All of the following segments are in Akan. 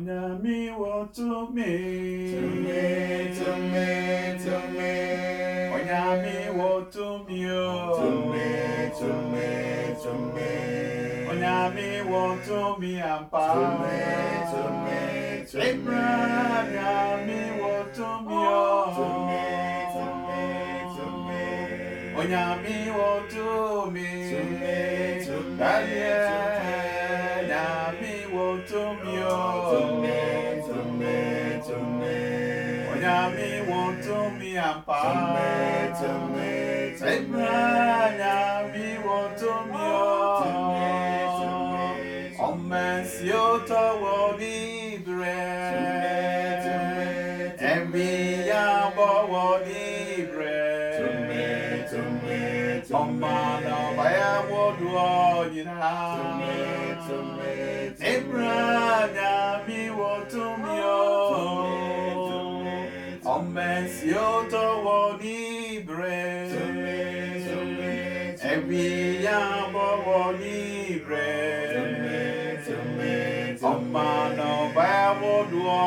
Onyamiwo to me. To me, to me, to me. Onyamiwo to me. To me, to me, to me. Onyamiwo to me ampa. To me, to me, to me. Abraham, Onyamiwo to To me, to me, to me. Onyamiwo to me, to me, to me. àpá. Tẹ̀mẹ́ tẹ̀mẹ́ tẹ̀mẹ́. Ẹ̀mẹ́rànyà mi wọ tó mi ọ́. Tẹ̀mẹ́ tẹ̀mẹ́. Ọmọ ẹ̀sìn ó tọwọ́ bí ìbẹ̀rẹ̀. Tẹ̀mẹ́ tẹ̀mẹ́. Ẹ̀mí yá bọ̀wọ̀ ní ìbẹ̀rẹ̀. Tẹ̀mẹ́ tẹ̀mẹ́. Ọmọ àlọ́bà yá wọ́dù ọ̀ nyìnà. Tẹ̀mẹ́ tẹ̀mẹ́. Ẹ̀mẹ́rànyà. libre. Ọ̀ma náà bá wọ́dù ọ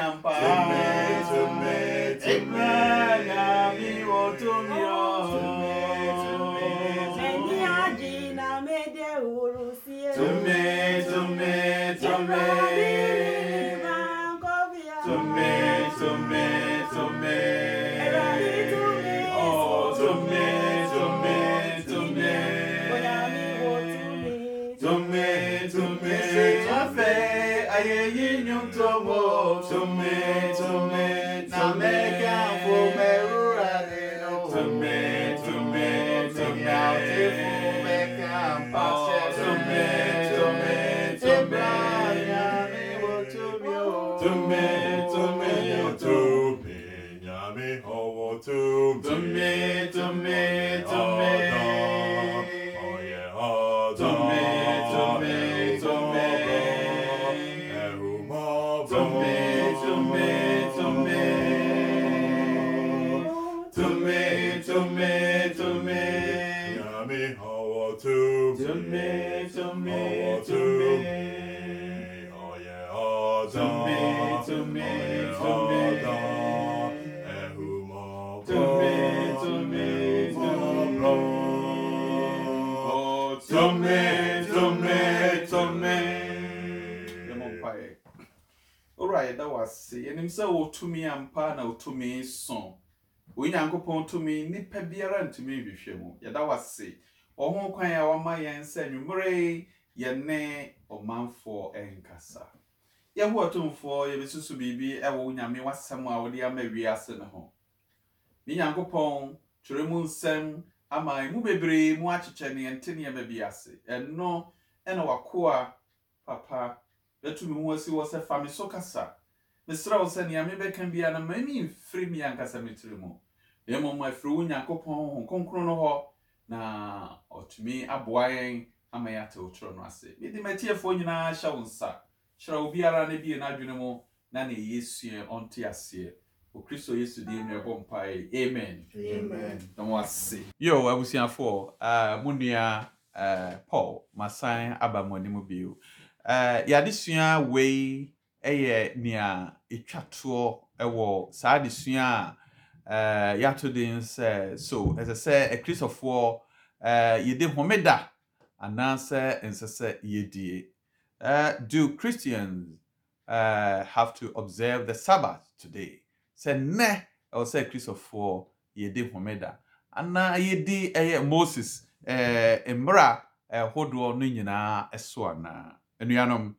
champa. Amen. to me. ampa na otumi so onyankopɔn tumi nipa biara ntumi nhwehwɛ mu yɛda wase ɔho kwan a wama yɛn sɛ nwumere yɛne ɔmanfoɔ nkasa yɛho ɔtomfoɔ yɛbɛsusu biribi ɛwɔ nyame wasɛm a wɔde ama wiase ne ho ne nyankopɔn twerɛ mu nsɛm ama mu bebree mu akyekyɛ neɛnte nneɛma bi ase ɛno ɛna wakoa papa bɛtumi ho asi wɔ sɛ fa me so kasa mesrɛ wo sɛ nea mebɛka bia no ma memfiri me ankasa me tiri mu na mmom afiri wo nyankopɔn ho kronkron no hɔ na ɔtumi aboa yɛn ama yɛate wo toro no ase mede matiefoɔ nyinaa hyɛ wo nsa kyerɛ obiara no bie n'adwene mu na na ɛyɛ sua ɔnte aseɛ okristo yesu din mu ɛbɔ mpae amen na mo ase yo abusuafoɔ ah, mo nua ah, paul masan aba mo anim bio ah, yɛadesua wei ɛyɛ nea ɛtwa toɔ wɔ saa adesua a eh, yɛato den sɛ so ɛsɛ sɛ akristofoɔ eh, yɛde homeda anaasɛ ɛnsɛ sɛ yɛdie eh, do christians uh, have to observe the sabbath today sɛ nnɛ ɛwɔ sɛ akristofoɔ yɛde homeda anaa yɛdi ɛyɛ moses mmerɛ ahodoɔ no nyinaa so anaa anuanom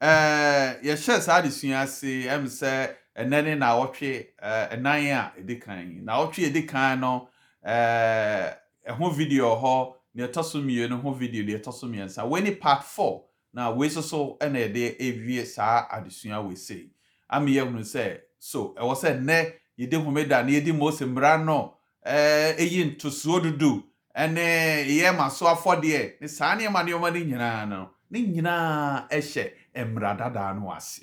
ɛɛ eh, yɛhyɛ saa adesua ase ɛm sɛ ɛnɛ ne naawɔtwe ɛɛ eh, ɛnan a ɛdi kan yi naawɔtwe ɛdi kan no eh, ɛho video hɔ deɛ ɛtɔ so mmienu ho video deɛ ɛtɔ so mmiɛnsa wei ne part four na wei soso ɛna yɛde ewie saa adesua wei sei ama yɛhunu sɛ so ɛwɔ sɛ nnɛ yɛde homeda na yɛde mose mmara no ɛɛ eyi ntosoɔ dudu ɛne yɛ ma so afɔdeɛ ne saa nneɛma nneɛma ne nyinaa no ne nyinaa ɛhyɛ mmara dadaa no ase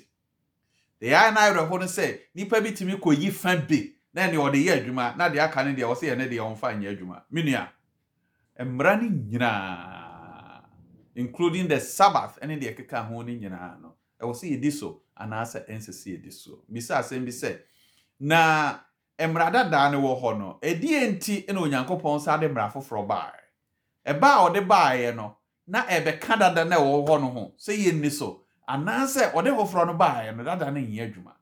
deɛ ayɛ no awerɛho no sɛ nnipa bi tumi kɔyi fa bi na ɛne ɔde yɛ adwuma na deɛ aka no deɛ ɔsɛ yɛ ne deɛ ɔmfa nyɛ adwuma menua mmara no nyinaa including the sabbath ne deɛ ɛkeka ho no nyinaa no ɛwɔ sɛ yɛdi so anaasɛ ɛnsɛ sɛ yɛdi so bisa asɛm bi sɛ na mmara dadaa no wɔ hɔ no ɛdeɛ nti na onyankopɔn sa de mmara foforɔ baeɛ ɛbaa a ɔde baeɛ no na ɛbɛka dada no a ɛwɔ hɔ no ho sɛ yɛnni so anaasɛ ɔde foforɔ no baeɛ no dada no nyɛ adwuma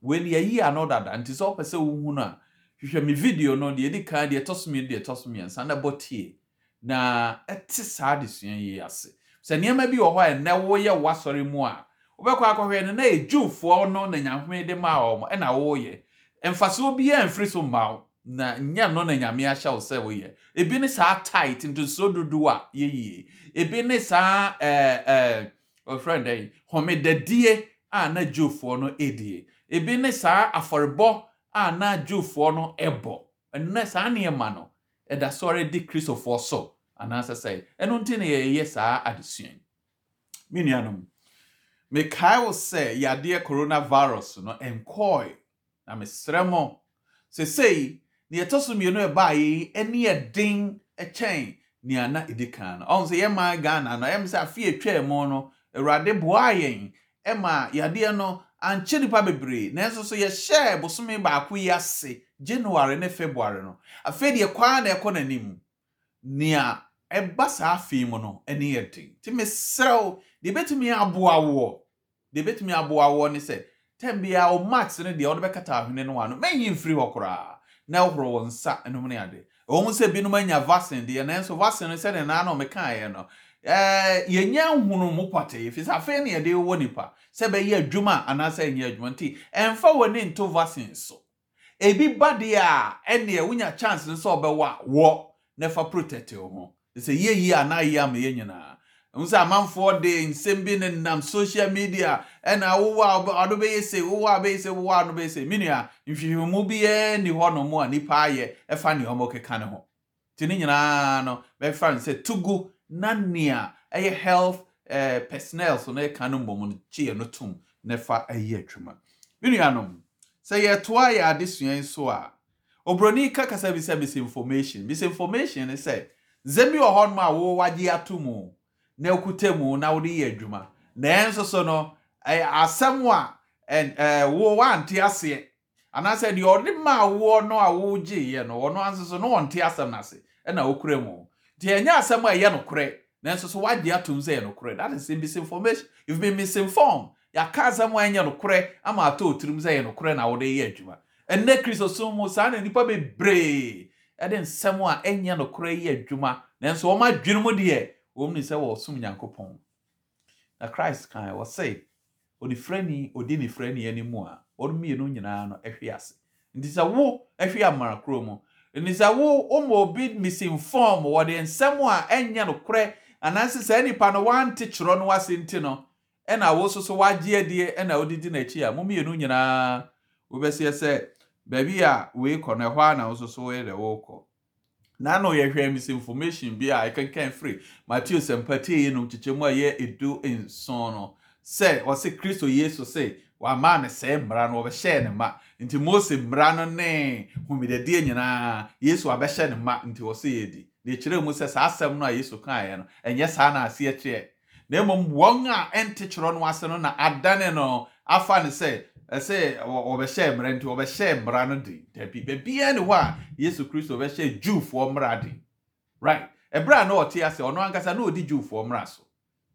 wei no yɛyi ano dada nti sɛ wopɛ sɛ wohu no a hwehwɛ me video no deɛ ɛdi kan deɛ ɛtɔ so mmienu deɛ ɛtɔ so mmiɛnsa na bɔ tie na ɛte saa adesua yi ase sɛ nneɛma bi wɔ hɔ a ɛnɛ woyɛ w'asɔre mu a wobɛkɔ akɔhwɛ no na ɛdwufoɔ no na nyahome de maa wɔn ɛna wɔreyɛ mfasoɔ biara mfiri so mma na nyɛ no na nyame ahyɛ wo sɛ woyɛ ebi ne saa tight ntosuo dodoɔ a yɛyie ebi ne saa ɛɛ ɛɛ wɔfrɛ no dɛn homedadie a na dwowfoɔ no edie. ebi ne saa afɔrebɔ a ah, na dwowfoɔ no ɛbɔ ɛnna saa nneɛma no ɛda sɔre di kristofoɔ so anaasɛ sɛ ɛno nti na yɛyɛ saa adesua yi me nuanom mekae wo sɛ yadeɛ coronavirus no nkɔɔe na mesrɛ mo sesei na yɛtɔ so mmienu ɛbaeɛ ɛne ɛden kyɛn nea na ɛdi kan no ɔhu sɛ yɛma ghana no ɛm sɛ afe yɛtwaa mu no awurade boaa yɛn ma yadeɛ no ankyɛ nipa bebree nanso so yɛhyɛɛ bosome baako yi ase january ne february no afei deɛ kwaa na ɛkɔ n'anim nea ɛba saa afei mu no ɛne yɛ den nti meserew deɛ ɛbɛtumi aboa woɔ deɛ ɛbɛtumi aboa woɔ ne sɛ tɛm biara o max ne deɛ ɔde bɛkata ahwene no ano mɛnyi mfiri hɔ koraa na ɛhoro wɔn nsa ɛnom ne ade ɛwɔ mu sɛ binom anya vaccine deɛ nanso vaccine no sɛdeɛ naa na ɔmekaeɛ no Eh, yɛnyɛ nhunumu pɔtɛ efi sɛ afei na yɛde wɔ nipa sɛ bɛyɛ adwuma anaasɛ ɛnyɛ adwuma nti ɛnfa wɔ ne nto vaccine so ebi ba deɛ a ɛneɛ wonya chance nso ɔbɛwɔ a wɔ na fa protect ho sɛ yie yie anaa yie ama yɛ nyinaa n sɛ amanfoɔ de nsɛm bi ne nam social media ɛna wowɔ a ɔdo bɛyɛ se wowɔ a bɛyɛ se wowɔ ɔdo bɛyɛ se mi nua nhwehwɛmu biara ni hɔ nom a nipa ayɛ ɛfa ne ɔmo keka ne ho te ne nyinaa no bɛfa no sɛ tugu na nea ɛyɛ health eh, personnel so na ɛka no mmom no gye yɛ no tom na fa ɛyɛ adwuma me nuanom sɛ yɛtoa yɛ adesua so a obroni ka kasa bi sɛ misinformation misinformation ne sɛ zemi wɔ hɔnom a wɔwagye ato mu na ekuta mu na wɔde yɛ adwuma na ɛn nso so no ɛyɛ asɛm a ɛn ɛɛ eh, wɔ wante aseɛ anaasɛ deɛ ɔde maa wɔ no a wɔgye yɛ no ɔno nso so no wɔnte asɛm n'ase ɛna okura mu deɛ ɛnyɛ asɛm a ɛyɛ nokorɛ nanso so wagye atom sɛ ɛyɛ nokorɛ that is misinformation you've been misinformed yɛaka asɛm a ɛnyɛ nokorɛ ama atɔ otirim sɛ ɛyɛ nokorɛ na wɔde yɛ adwuma ɛnɛ kristo so mu saa na nnipa bebree ɛde nsɛm a ɛnyɛ nokorɛ yɛ adwuma nanso wɔn adwene mu deɛ wɔn ni sɛ wɔsom nyankopɔn na christ kan wɔse onifirani odi nifirani anim a wɔn mmienu nyinaa no ɛhwe ase nti sɛ wo ɛhwe amara kuro mu nisa wo wɔn obi misinform wɔde nsɛm a ɛnyɛ no korɛ anaasị saa nipa no wante kyerɛ no wase nti no ɛna wo nso so wagye adie ɛna wodidi n'akyi a mo mmienu nyinaa wobɛseɛ sɛ baabi a wei kɔ no ɛhɔ a na wo nso so woyɛ dɛ wokɔ na na yɛhwɛ misinformation bi a ɛkenkan firi matthew sɛmpatee yi no kyekyɛ mu a ɛyɛ edu nson no sɛ ɔse kristo yesu sɛ wama ne sɛɛ mmara no wɔbɛhyɛɛ ne ma nti mose mmara no ne homidadeɛ nyinaa yesu abɛhyɛ ne ma nti wɔ sɛ yɛdi na ɛkyerɛ mu sɛ saa asɛm no a yesu kaeɛ no ɛnyɛ saa na aseɛ kyerɛ na mmom wɔn a ɛnte kyerɛ no ase no na adane no afa ne sɛ ɛsɛ wɔbɛhyɛ mmara nti wɔbɛhyɛ mmara no de dabi baabiara ne hɔ a yesu kristo bɛhyɛ juufoɔ mmara de right ɛberɛ a na ɔte ase ɔno ankasa na ɔdi juufoɔ mmara so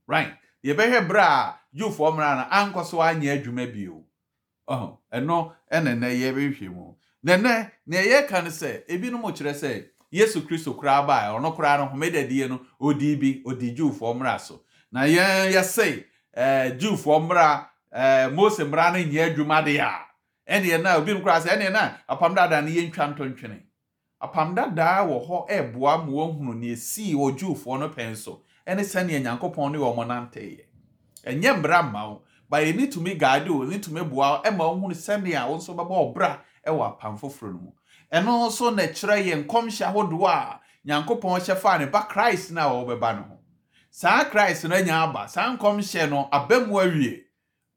right yɛbɛhwɛ berɛ a jufoɔ mmara no ankɔ so anyɛ adwuma bio ɛno ɛna nɛ yɛ bɛhwɛ mu nɛnɛ nea yɛka no sɛ ebinom kyerɛ sɛ yesu kristo koraa baa ɔno koraa no homedadiɛ no odi bi odi jufoɔ mmara so na yɛn yɛse ɛɛ jufoɔ mmara ɛɛ mose mmara no nyɛ adwuma deɛ a ɛneɛ na obi koraa sɛ ɛneɛ na apam dadaa no yɛntwa ntɔntwene apam dadaa wɔ hɔ ɛɛboa ma wɔn hunu nea esii wɔ jufoɔ no pɛn so ɛne sɛnea nyankopɔn ne wɔn nanteeɛ ɛnyɛ mbra mma wo bayɛ ne tumi gaade o ne tumi boa ma wo hunu sɛnea wo nso bɛbɔ ɔbra wɔ apam foforɔ no mu ɛno nso na ɛkyerɛ yɛ nkɔmhyɛ ahodoɔ a nyankopɔn hyɛ faa ne ba christ no a wɔbɛba no ho saa christ no anya aba saa nkɔmhyɛ no aba mu awie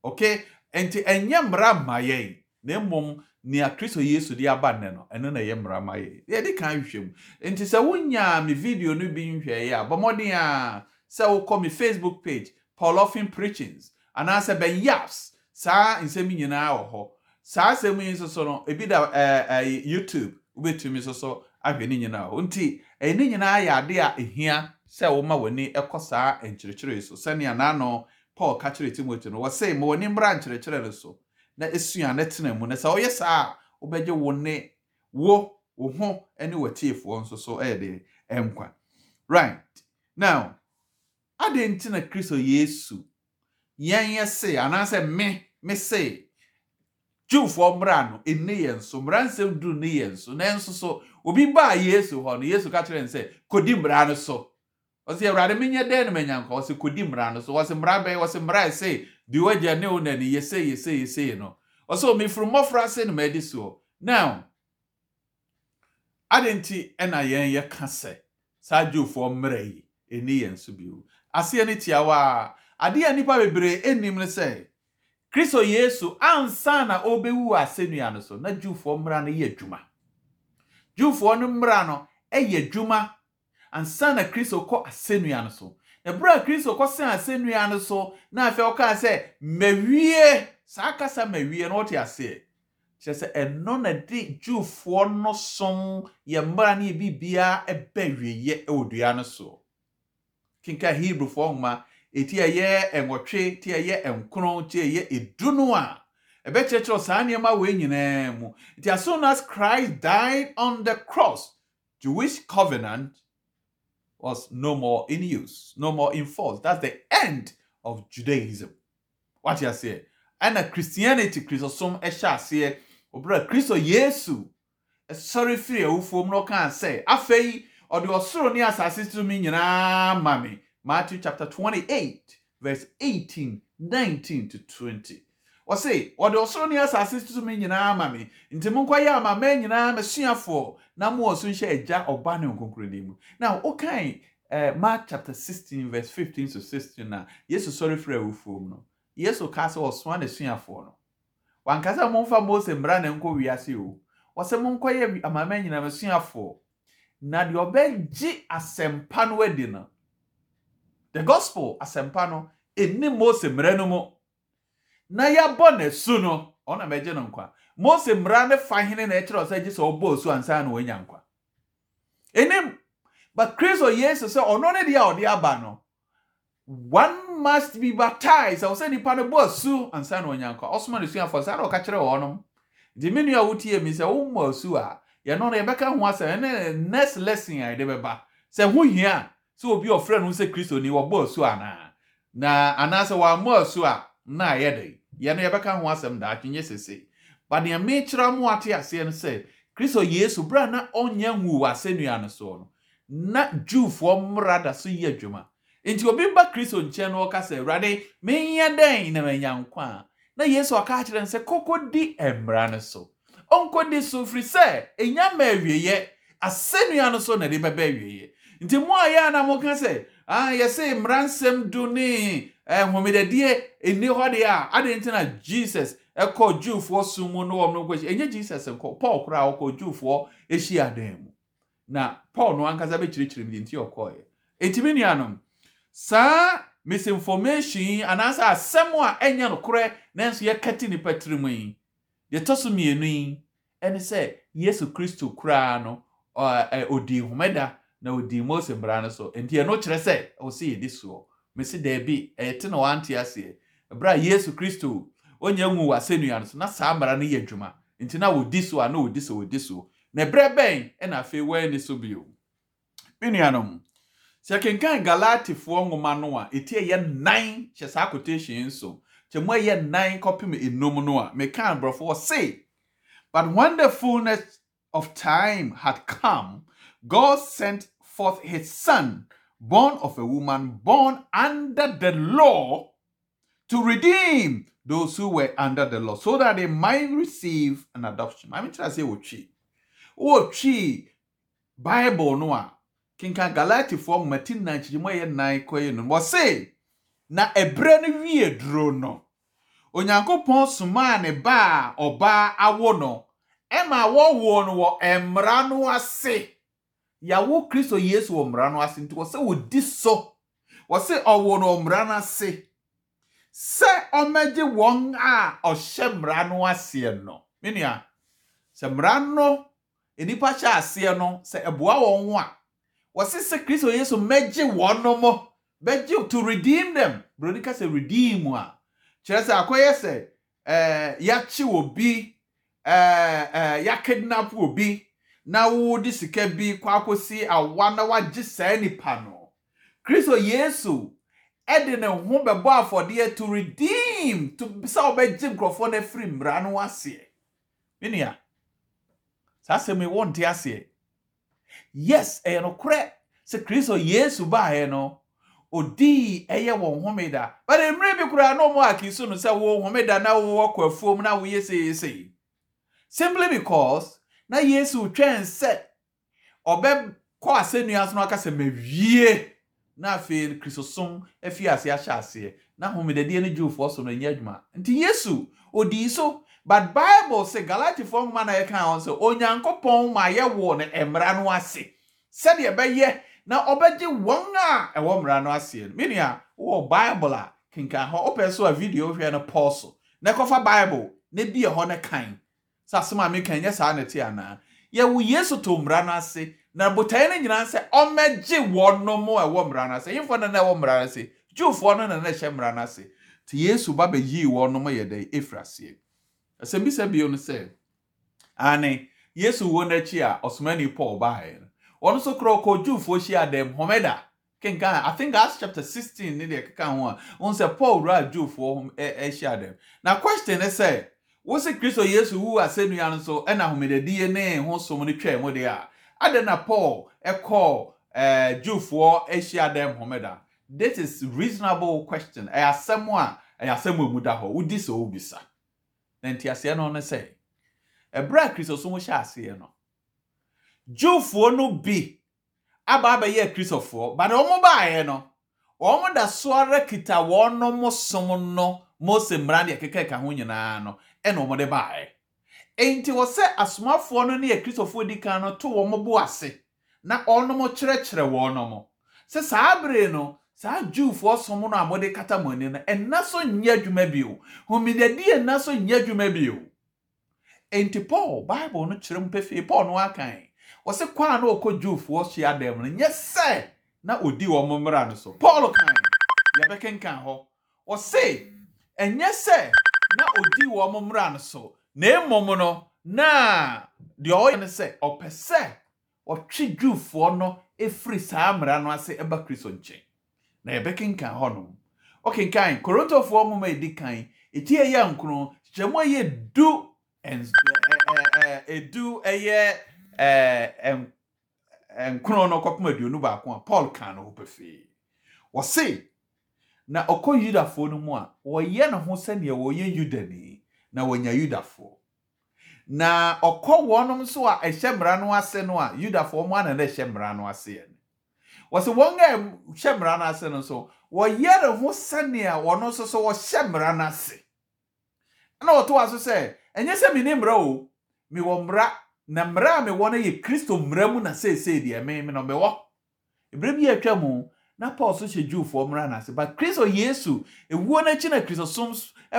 okay nti ɛnyɛ mmara mma yɛn na mmom nea kristo yesu de aba nnɛ no ɛno na ɛyɛ mmara mma yɛn yɛde kan hwɛ mu nti sɛ wonyaa me video no bi nhwɛeɛ a bɔmmɔden a sɛ wokɔ me facebook page holofin preachings anaasɛ bɛyaps saa nsɛm nyinaa wɔ hɔ saa asɛm yi nso so no ebi da ɛɛ ɛɛ youtube wobɛtumi nso so ahwɛ ne nyinaa hɔ nti ɛyɛ ne nyinaa yɛ ade a ehia sɛ woma w'ani ɛkɔ saa nkyerɛkyerɛ yi so sɛnea n'ano paul ka kyerɛ timothy no wɔsɛ ma w'ani mbra nkyerɛkyerɛ no so na esua ne tena mu na sɛ ɔyɛ saa a wobɛgye wo ne wo wo ho ne w'atiefoɔ nso so ɛyɛ de ɛnkwa right now adịn nti na kristo yesu yɛn yɛ se anaasɛ me me se jiwfoɔ mmra no ɛnne yɛn so mmara nsɛm duru ne yɛn so nanso so obi baa yesu hɔ no yesu ka kyerɛ no sɛ so ɔsɛ awurade menyɛ dɛn no manyanka ɔsɛ kɔdi mmara no so wɔsɛ mmara bɛyɛ wɔsɛ mmara ɛse di wagya ne wo nani yese yese yɛse no ɔsɛ omifiri mmɔfra se no madi soɔ now ade nti ɛna yɛn yɛka sɛ saa jiwfoɔ mmra yi ɛnne yɛn so bio aseɛ ne tiawa adeɛ a nipa bebree anim ne sɛ kristo yesu ansa na ɔbɛwu asɛnnua no so na jufoɔ mmara no yɛ adwuma jufoɔ no mmara no yɛ adwuma ansa na kristo kɔ asɛnnua no so ɛberɛ a kristo kɔsen asɛnnua no so na afei ɔkaa sɛ mawie saa kasa mawie na ɔte aseɛ kyerɛ sɛ ɛno na de jufoɔ no som yɛ mmara no yɛ biribiara ɛbɛ wieɛ wɔ dua no so kenka hebrefoɔ nwoma ɛti ɛyɛ ɛnwɔtwe ti ɛyɛ nkron ti ɛyɛ edunu a ɛbɛkyerɛkyerɛ saa nneɛma wei nyinaa mu nti as soon as christ died on the cross jewish covenant was no more in use no more in force that's the end of judaism wate aseɛ ɛna christianity kristosom ɛhyɛ aseɛ obere kristo yesu ɛsɔre firi awufoɔ mu na ɔkaa sɛ afei ɔde ɔsoro ne asase tumi nyinaa ma me matthew chapter 28 verse 18 19 to 20 ɔse ɔde ɔsoro ne asase tumi nyinaa ma me nti monkɔyɛ amama nyinaa masuafoɔ na mowɔ so nhyɛ agya ɔba ne nkonkroni mu na wokae uh, mark chapter 16 verse 15 to 16 na yesu sɔre firi awufuo mu no yesu kaa sɛ ɔsoa n'asuafoɔ no wankasa momfa mose mmara ne nkɔ wiase o ɔsɛ monkɔyɛ amama nyinaa masuafoɔ na deɛ ɔbɛgye asɛmpa no adi no the gospel asɛmpa no ɛni mose mmerɛ no mu na yɛabɔ n'asu no ɔna mɛgye no nkwa mose mmara ne fa hene na ɛkyerɛ ɔsɛ gye sɛ ɔbɔ osu ansa na wɔanya nkwa ɛnim but kristo yesu sɛ ɔno ne deɛ a ɔde aba no one must be baptized ɛwɔ sɛ nipa no bɔ asu ansa na wɔanya nkwa ɔsoma ne suafoɔ saa na ɔka kyerɛ wɔnom de me nua wotie mi sɛ wommɔ asu a yɛn no na yɛbɛka ho asɛm ɛne next lesson a yɛde bɛba sɛ ho hia a sɛ obi ɔfrɛ no sɛ kristo ni wɔbɔ asu anaa na anaasɛ wɔammɔ asu a na ayɛ de yɛn no yɛbɛka ho asɛm daakye nyɛ sese ba deɛ mekyerɛ mo ate aseɛ no sɛ kristo yesu bere a na ɔnyɛ nwu wɔ asɛnnua no soɔ no na juufoɔ mmara da so yɛ adwuma nti obi ba kristo nkyɛn no ɔka sɛ awurade menyɛ dɛn na manya nkwa a na yesu aka akyerɛ no sɛ kɔkɔ di mmara no so ɔnkɔdi so firi sɛ ɛnya ma awieɛ asɛnnua no so na de bɛbɛ awieɛ nti mo a a na moka sɛ ah, yɛse mmaransɛm do ne eh, homedadeɛ ɛnni hɔ deɛ a ade nti na jesus ɛkɔ jewfoɔ so mu no wɔm no nkɔhyi ɛnyɛ jesus nkɔ paul koraa ɔkɔ jewfoɔ ɛhyia dan mu na paul no ankasa bɛkyerɛkyerɛ mu nti ɔkɔɔeɛ ɛtumi nuanom saa misinformation yi anaasɛ asɛm a ɛnyɛ nokorɛ nanso yɛkɛte nnipa tirim yi deɛ so mmienu yi ɛne sɛ yesu kristo koraa no ɔdii homeda na ɔdii mose mmara no so nti ɛno kyerɛ sɛ ɔsi yɛdi soɔ mesi daabi ɛyɛte na wante aseɛ ɛberɛ a yesu kristo onye nwu w'asɛnnua no so na saa mmara no yɛ adwuma nti na wɔdi so a na wɔdi so wɔdi so na ɛberɛ bɛn ɛna afei wɔani so bio me nuanom sɛ kenkan galatifoɔ nwoma no a ɛti ɛyɛ nan hyɛ saa quotation so kyɛ mu ɛyɛ nan kɔpem enum no a mekan aborɔfo wɔ sei But when the fullness of time had come, God sent forth his son, born of a woman, born under the law, to redeem those who were under the law, so that they might receive an adoption. I mean, to say, Ochi. Ochi, Bible, Noah. kenkan galatifoɔ mmati nnan kyirimu ɛyɛ nnan kɔyɛ no wɔse na ɛbrɛ no wie duro no onyankopɔn somaa ne ba a ɔbaa awo no ɛma wɔwɔ no wɔ mmara no ase yàwó kristo yesu wɔ mmara no ase nti wɔsɛ wɔdi so wɔsɛ ɔwɔ no mmara no ase sɛ ɔmɛgye wɔn a ɔhyɛ mmara no aseɛ no menua sɛ mmara no nipa hyɛ aseɛ no sɛ ɛboa wɔn ho a wɔsi sɛ kristo yesu mɛgye wɔn no mo bɛgye to redeem them buroni kasa redeem a kyerɛ sɛ akɔyɛ sɛ ɛɛ yɛakye obi. Eh, eh, ya kidnap obi na wode sika bi kɔ awa na wagye saa nipa no kristo yesu ɛde ne ho bɛbɔ afɔdeɛ to redeem to sɛ wɔbɛgye nkurɔfoɔ no afiri mmara no aseɛ menua saa asɛm yi wɔnte aseɛ yes ɛyɛ nokorɛ sɛ kristo yesu baeɛ no odii ɛyɛ wɔn homeda bɛde mmerɛ bi koraa na ɔmo aki so no sɛ wo homeda na wowɔ kɔ afuom na woyɛ seesei simply because na yesu twɛn sɛ ɔbɛkɔ asɛnnua so no aka sɛ mawie na afei kristosom afi ase ahyɛ aseɛ na homedadeɛ no jiwfoɔ so na ɛnyɛ adwuma nti yesu odii so but bible sɛ galatifoɔ nwoma na yɛka wɔn sɛ onyankopɔn ma yɛwɔ no mmara no ase sɛdeɛ ɛbɛyɛ na ɔbɛgye wɔn a ɛwɔ mmara no aseɛ no menua wowɔ bible a kenkan hɔ wopɛ so a video wohwɛ no pause so na ɛkɔfa bible na bie hɔ ne kan sase maame kan nyɛ saa nɛte anaa yɛwo yesu to mmara no ase na botae no nyinaa sɛ ɔmɛgye wɔnom ɛwɔ mmara no ase yimfoɔ no na ɛwɔ mmara no ase juufoɔ no na na ɛhyɛ mmara no ase nti yesu ba bɛyii wɔnom yɛ dɛ ɛfiri aseɛ asɛm bi sɛ bio no sɛ ane yesu wo no a ɔsomani paul baeɛ no wɔn nso korɔ kɔ juufoɔ hyia dɛm homeda kenkan i think acts chapter sixteen ne deɛ keka ho a wɔn sɛ paul wura juufoɔ ɛhyia dɛm na question ne sɛ wosi kristo yesu wu asenu ya nso ɛna homedadiɛ ne ho som no twɛn ho deɛ a adɛn na paul ɛkɔɔ eh, jewfoɔ ahyia dɛm homeda this is reasonable question ɛyɛ asɛm a ɛyɛ asɛm a emu da hɔ wodi sɛ wobisa na ntiaseɛ no ne sɛ ɛberɛ a kristo so ho hyɛ aseɛ no jewfoɔ no bi aba abɛyɛ kristofoɔ bade wɔn baeɛ no wɔn da so ara kita wɔn mo som no mose mmara deɛ keka ka ho nyinaa no ɛna e wɔde baeɛ nti wɔ sɛ asomafoɔ no ne akristofoɔ di kan no to wɔn bo ase na ɔnom kyerɛkyerɛ wɔnom sɛ saa bere no saa juufoɔ som no a wɔde kata mo ani no ɛnna so nyɛ adwuma bio homidadi ɛnna so nyɛ adwuma bio nti paul bible no kyerɛ mu pefee paul no akan wɔsɛ kwan na ɔkɔ juufoɔ hyia dɛm no nyɛ sɛ na odi wɔn mmra no so paul kan yɛbɛkenkan hɔ wɔsɛ ɛnyɛ sɛ na odi wɔn mmra no so na emom no na deɛ ɔyɛ no sɛ ɔpɛ sɛ ɔtwe juufoɔ no efiri saa mmara no ase ɛba kristo nkyɛn na yɛbɛkenkan hɔnom ɔkenkan korontofoɔ moma edi kan eti ɛyɛ nkron kyerɛmu ɛyɛ du ɛns ɛɛ edu ɛyɛ ɛɛ nkron no kɔpem aduonu baako a paul kan no ho pɛfɛɛ wɔsi na ɔkɔ yudafoɔ no mu a wɔyɛ ne ho sɛnea wɔyɛ yudani na wɔnya yudafoɔ na ɔkɔ wɔnom nso a ɛhyɛ mmara no ase no a yudafoɔ mu ana na ɛhyɛ mmara no ase yɛ no wɔsɛ wɔn a ɛhyɛ mmara no ase no nso wɔyɛ ne ho sɛnea wɔn nso so wɔhyɛ mmara no ase ɛna wɔto aso sɛ ɛnyɛ sɛ mene mmara o mewɔ mmara na mmara a mewɔ no yɛ kristo mmara mu na seesei deɛ me me no mewɔ ebere bi atwa mu na paul so hyɛ juufoɔ mmara no ase but kristo yesu ewuo n'akyi na kristosom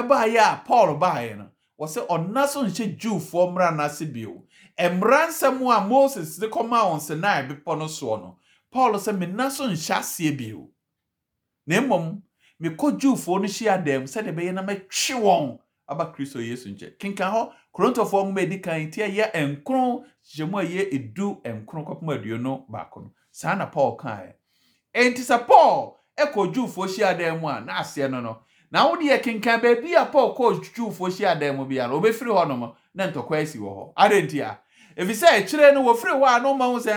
baeɛ a paul baeɛ no wɔsɛ ɔna so nhyɛ juufoɔ mmara no bio mmara nsɛm a moses de kɔmaa wɔn sinai bepɔ no soɔ no paul sɛ mena so nhyɛ aseɛ bio na mmom mekɔ juufoɔ no hyia dɛm sɛdeɛ ɛbɛyɛ na mɛtwe wɔn aba kristo yesu nkyɛn kenkan hɔ korontofoɔ nwoma edi kan ti ɛyɛ nkron hyɛmu a ɛyɛ edu nkron kɔpem aduonu baako no saa na paul kaeɛ nti sɛ paul kɔ juufoɔ hyiadan mu a na aseɛ no no na wo deɛ kenkan baabi a paul kɔ juufoɔ hyiadan mu biara obɛfiri hɔ nom na ntɔkwa asi wɔ hɔ adɛ nti a ɛfisɛ akyire no wɔfiri hɔ a na ɔma ho sɛ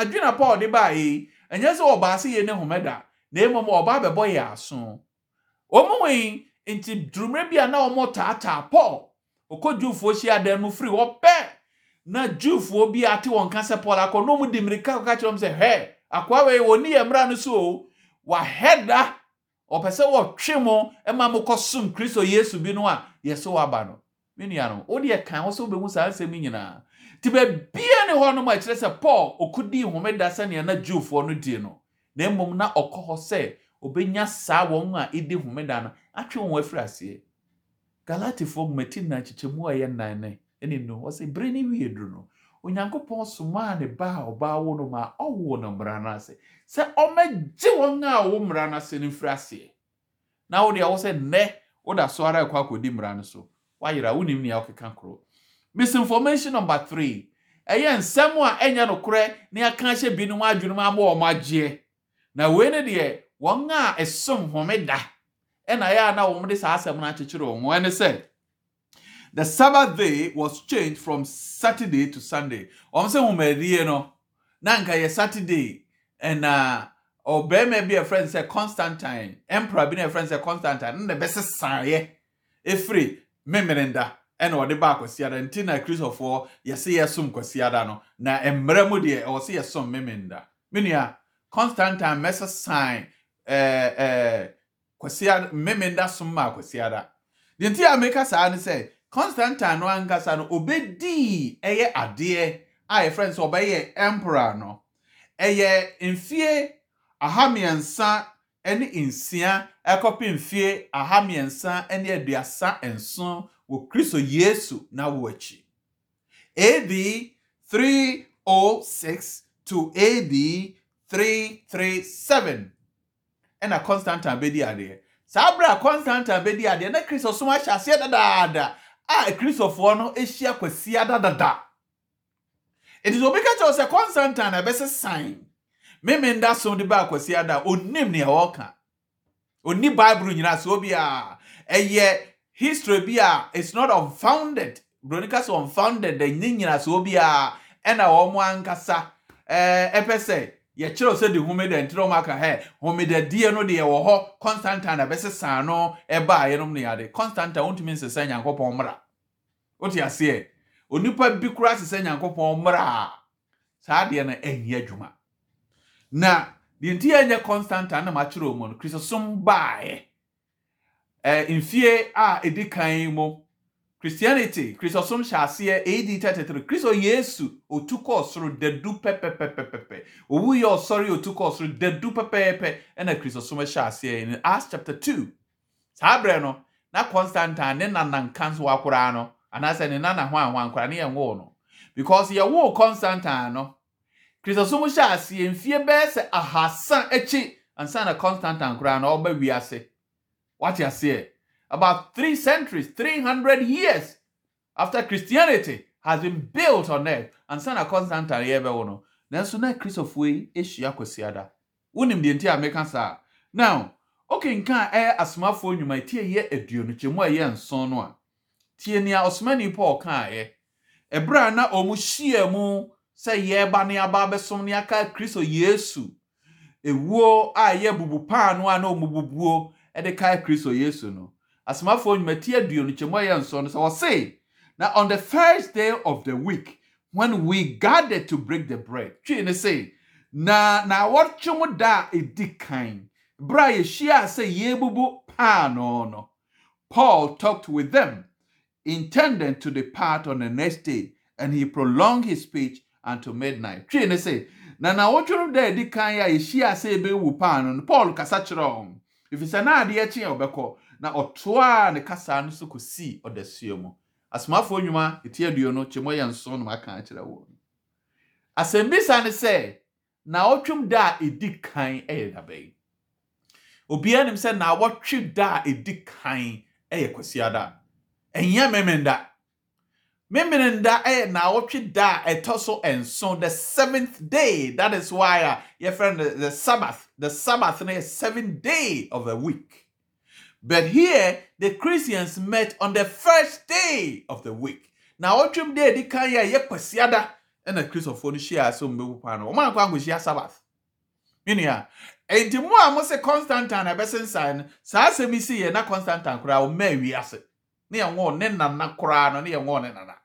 adwena paul de baa yi ɛnyɛ sɛ ɔbaa se yie ne homeda na mmom ɔbaa bɛbɔ yɛ aso wɔn mu nti durumire bi a na wɔn taataa paul ɔkɔ juufoɔ hyiadan mu firi hɔ pɛ na juufoɔ bi ate wɔn kasa paul akɔ na wɔn di mmirika kɔka kyerɛ wɔn sɛ hɛɛ akoawei wɔni yɛ mmara no so o wahɛda ɔpɛ sɛ wɔtwe mo ma mokɔsom kristo yesu bi no a yɛso waba no me nuanom wodeɛ kan wo sɛ wobɛhu saa nsɛm nyinaa nti baabia ne hɔ nom a ɛkyerɛ sɛ paul ɔkɔdii homeda sɛnea na jewfoɔ no die no na mmom na ɔkɔ hɔ sɛ saa wɔn a ɛdi homeda no atwe wɔn afiri aseɛ galatifoɔ na a ɛyɛ ne onyankopɔn somaa ne ba a ɔbaa wo no ma ɔwo no mmara no ase sɛ ɔmɛgye wɔn a wo mmara no ase no mfiri aseɛ na wo awo wo sɛ nnɛ woda so ara ɛkɔ akɔdi mmara no so woayera wonim nea wokeka korɔ misinformation number three ɛyɛ nsɛm a ɛnyɛ nokorɛ ne aka hyɛ binom adwene mu ama wɔn agyeɛ na wei ne deɛ wɔn a ɛsom homeda ɛna ɛyɛ a na wɔn saa asɛm no akyekyere wɔn wɔn sɛ the Sabbath day was changed from Saturday to Sunday. Wɔn sɛ wɔmɛdeɛ no, na nka yɛ Saturday ɛna ɔbɛrima uh, bi a friend sɛ Constantine, emperor bi na friend sɛ Constantine, na bɛsɛ saayɛ efiri mmemerenda ɛna ɔde ba akwasiada nti na kristofoɔ yɛsɛ yɛsom kwasiada no na mmerɛ mu deɛ ɛwɔ sɛ yɛsom mmemerenda. Menua Constantine mɛsɛ sign ɛɛ eh, ɛɛ eh, kwasiada mmemerenda som ma akwasiada. Deɛ nti a meka saa ne sɛ. constantine no ankasa no obedii ɛyɛ adeɛ a yɛfrɛ no sɛ ɔbɛyɛ emperor no ɛyɛ mfie aha mmiɛnsa ne nsia ɛkɔpe mfie aha mmiɛnsa ne aduasa nson wɔ kristo yesu n'awo akyi ad 306 to ad 337 ɛna constantine bɛdi adeɛ saa abere a constantine bɛdi adeɛ na kristo som ahyɛ aseɛ dadaada a akristofoɔ no ahyia kwasia dadada ɛti sɛ obi ka kyerɛw sɛ constantine ɛbɛsɛ sign meme nda so de baa kwasia da onim nea ɔka oni bible nyinaa sɛ obi a ɛyɛ history bi a it's not unfounded buroni ka sɛ unfounded ɛnyɛ nyinaa obi a ɛna wɔn ankasa ɛɛ ɛpɛ sɛ yɛkyerɛw sɛ de homeda ntrɛm aka hɛ homedadeɛ no deɛ wɔ hɔ constantan abɛse saa no ɛbaa yɛnom no yɛade constantan wontumi nsesa nyankopɔn mmara wote aseɛ onipa bi koraa sesa nyankopɔn mmara a saa deɛ no ɛnyɛ adwuma na deɛ nti yɛnyɛ constantan na makyerɛw mu no kristosom baeɛ eh, mfie a ɛdi kan mu christianity kristosom hyɛ ase di kiyesu ɔt kɔɔ sor dadwuɛɔsɔsodad ppɛ na krissom yɛas cha2 saa berɛ no na constanta ne nanankansora no anasɛnennhhoyɛ o because yɛwoo constanta a no kristosom hyɛɛ ase mfee bɛyɛ sɛ ahasa akyi ansana constantan kora no ɔba wi asetase about three centuries, 300 years after Christianity has been built on earth. And sana Constantine yɛbɛ wɔ no. Nanso na Christopher yi ehyia kwasi ada. Wonim deɛ nti a meka saa. Now, a smartphone asomafoɔ nnwuma tie yɛ aduonu kyɛ mu a ɛyɛ nson no a. Tie nea Osmani Paul kaeɛ. Ɛberɛ a na ɔmo hyia mu sɛ yɛreba ne aba abɛsom ne aka Kristo Yesu. Ewuo a ɛyɛ bubu paano a na ɔmo bubuo ɛde e kae Kristo Yesu no. asomafoɔ nnwumati aduonu kyɛmu ɛyɛ nson no sɛ wɔse na on the first day of the week when we gathered to break the bread twee ne se na na wɔtwe mu da a ɛdi kan berɛ a yɛhyia sɛ yɛbubu paano no paul talked with them intending to depart on the next day and he prolonged his speech until midnight twee ne se na na wɔtwe mu da a ɛdi kan a yɛhyia sɛ yɛbɛwu no paul kasa kyerɛ wɔn efisɛ na adeɛ kye a ɔbɛkɔ na ɔtoa ne kasa no so kɔsii ɔdasua mu asomafoɔ nnwuma ɛti aduo no kyemmɔ yɛ nson nom aka akyerɛ wɔ asɛmbisa ne sɛ naawɔtwem da a ɛdi kan yɛ dabɛn obiara nim sɛ naawɔtwe da a ɛdi kan yɛ kwasiada ɛnyɛ memenda memenda yɛ naawɔtwe da a ɛtɔ so nson the seventh day that is why a yɛfrɛ no the sabbath the sabbath no yɛ seven day of the week But here, the Christians met on the first day of the week. Now, what dream day, the Kanya pasiada? and a Christophone share some Mupano. One of them share Sabbath. Minia, and the more I must say Constantine, a person sign, Sasa Missy, and not Constantine, crowd, may we ask it. Near one, Nenana Koran, near one another.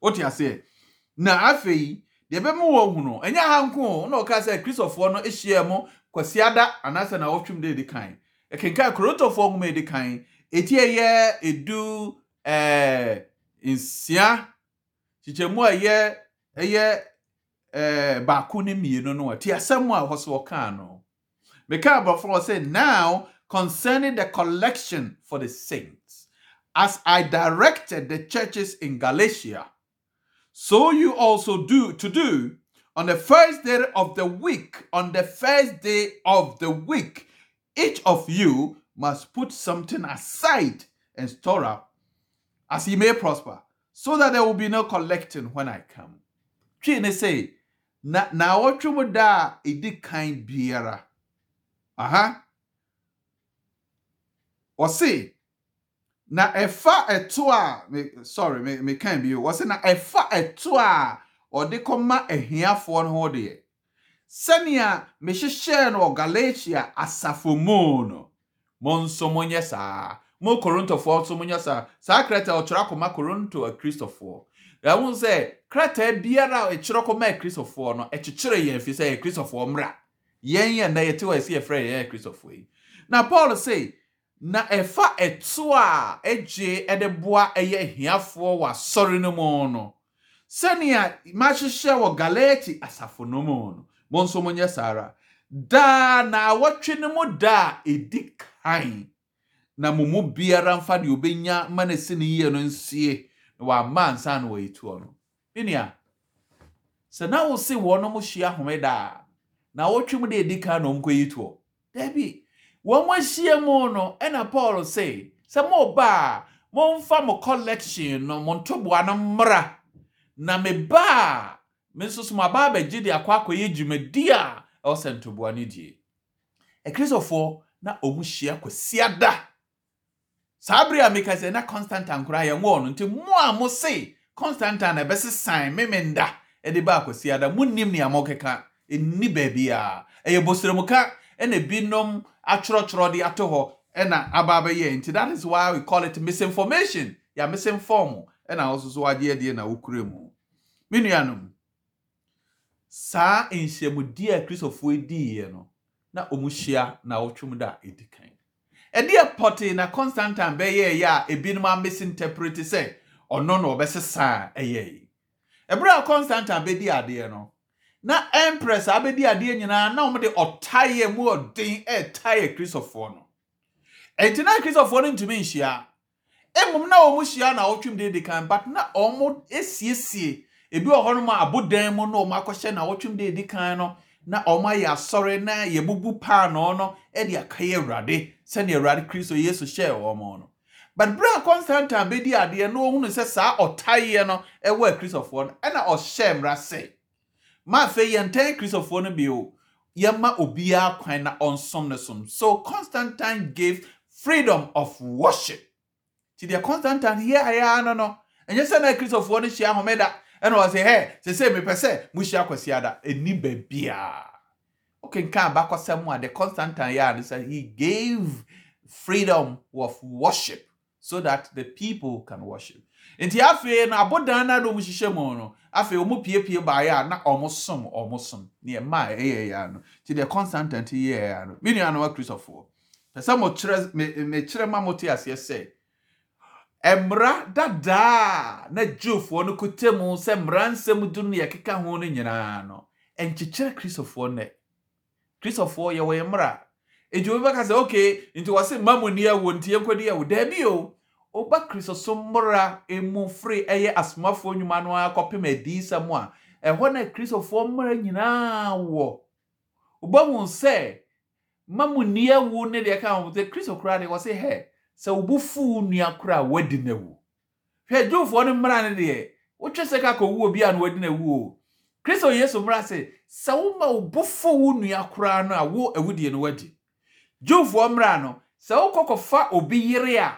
What you say? Now, I feel deɛ bɛma wɔn hu no ɛnyɛ ahanko na ɔka sɛ kristofoɔ no ahyia mu kwasiada anaasɛ na ɔtwem de di kan ɛkenkan kurotofoɔ nwoma edi kan eti ɛyɛ edu ɛɛ eh, nsia kyekyɛmu a ɛyɛ ɛyɛ ɛɛ eh, baako ne mmienu no ɛte asɛm a ɛhɔ so no mekaa abɔfra say now concerning the collection for the saints as i directed the churches in galatia so you also do to do on the first day of the week on the first day of the week each of you must put something aside and store up as he may prosper, so that there will be no collecting when I come. Twe say, na na wɔtwe mu da a ɛdi uh huh. Or Wɔse, na efa etua, a, me, sorry, me, me kan bio. Wɔse na they come a ɔde kɔma ahiafoɔ no ho sɛnea mehyehyɛɛ no wɔ galatia asafo mu no mo nso monyɛ saa mo korintofoɔ nso monyɛ saa saa krataa ɔkyerɛ akoma korinto akristofoɔ ɛho sɛ krataa biara a ɛkyerɛ kɔma akristofoɔ no ɛkyekyere yɛn fi sɛ yɛ kristofoɔ mmra yɛn yɛn na yɛte wɔ ɛsi yɛfrɛ yɛn akristofoɔ yi na paul se na ɛfa ɛto a ɛgye ɛde boa ɛyɛ ahiafoɔ wɔ asɔre no mu no sɛnea mahyehyɛ wɔ galati asafo no mu no mo nso mo nyɛ saa ara daa na awɔtwe no mu da a kan na mo mu biara mfa deɛ obɛnya ma no si no yie no nsie na wama ansa na wɔyɛ tuo no nnia sɛ na wo se wɔnom hyia homeda a na awɔtwe mu da ɛdi kan na ɔmkɔyi tuo dabi wɔn ahyia mu no ɛna paul se sɛ moba a momfa mo collection no mo ntoboa no mmra na meba a me nso so maba abɛgye de akɔ akɔyɛ dwumadi a ɛwɔ sɛ ntoboa no die akristofoɔ na ɔmu hyia kɔsia da saa bere a meka sɛ na constantan koraa yɛn wɔ no nti mo a mo se constantan na ɛbɛsesan memenda de ba akɔsia da monnim nea mɔkeka ɛnni baabi a ɛyɛ ka ɛna binom atwerɛtwerɛ de ato hɔ ɛna aba abɛyɛ nti that is why we call it misinformation yɛ misinform ɛna wɔsoso wagye adeɛ na wokura mu me nuanom saa nhyiamudi a kristofoɔ diiɛ no na wɔn hyia na wɔtwam da a ɛdi kan ɛdi ɛpɔte na constantine bɛyɛɛ a ebinom amisinterprete sɛ ɔno na ɔbɛsesaa ɛyɛɛ ɛberɛ a constantine bɛdi adeɛ no na empress abɛdi adeɛ nyinaa na wɔde ɔtaeɛ mu ɔden ɛɛtaeɛ kristofoɔ no ɛnti na kristofoɔ no ntumi nhyia mmom na wɔn hyia na wɔtwam de di kan but na wɔn esiesie. ebi wɔ hɔnom a abodan mu na wɔn akɔhyɛ na wɔtwem de edi kan no na wɔn ayɛ asɔre na yɛbubu paanoo no de akɛyɛ awurade sɛnea awurade kristo yesu hyɛɛ wɔn no but bere a constantine bɛdi adeɛ na ohunu sɛ saa ɔtayeɛ no ɛwɔ akristofoɔ no ɛna ɔhyɛ mmara sɛ ma afei yɛntɛn akristofoɔ no bio yɛma obiara kwan na ɔnsom ne som so constantine gave freedom of worship ti deɛ constantine yɛ ayɛ ano no ɛnyɛ sɛ na akristofoɔ no hyia homeda ɛna ɔsɛ hɛ sese mepɛ sɛ muhyia kwasi ada ɛni baabiaa okenka abakɔsɛm a the constantine yɛ ano he gave freedom of worship so that the people can worship nti afei e e, e, no abodan no a na ɔmo hyehyɛ mu no afei ɔmo piepie baayɛ a na ɔmo som ɔmo som nea mmaa ɛyɛ yɛ ano nti deɛ constantine ti yɛ yɛ ano mi nua no wa kristofoɔ pɛ mo kyerɛ me me kyerɛ ma mo te aseɛ sɛ mmara dadaa na juufoɔ no kuta mu sɛ mmara nsɛm du no yɛkeka ho no nyinaa no nkyekyere kristofoɔ nɛ kristofoɔ yɛwɔ yɛ mmara nti obi bɛka sɛ ok nti wɔse mma mu ni awo nti yɛnkɔdi awo daabi o ɔba kristo so mmara emu firi ɛyɛ asomafoɔ nnwuma no ara kɔpem adiisɛm a ɛhɔ na kristofoɔ mmara nyinaa wɔ ɔbɛhu sɛ mma ni awo ne deɛ ka ho sɛ kristo koraa deɛ wɔse hɛ sɛ wo bo fuw nnua koro a wadi na wu hwɛ dwomfoɔ no mmara no deɛ wotwe sɛ ka kɔwu obi a na wadi na wu o kristo yesu mmara sɛ sɛ woma wo bo fuw wo nnua koraa no a wo awudie no wadi dwomfoɔ mmara no sɛ wokɔ kɔfa obi yere a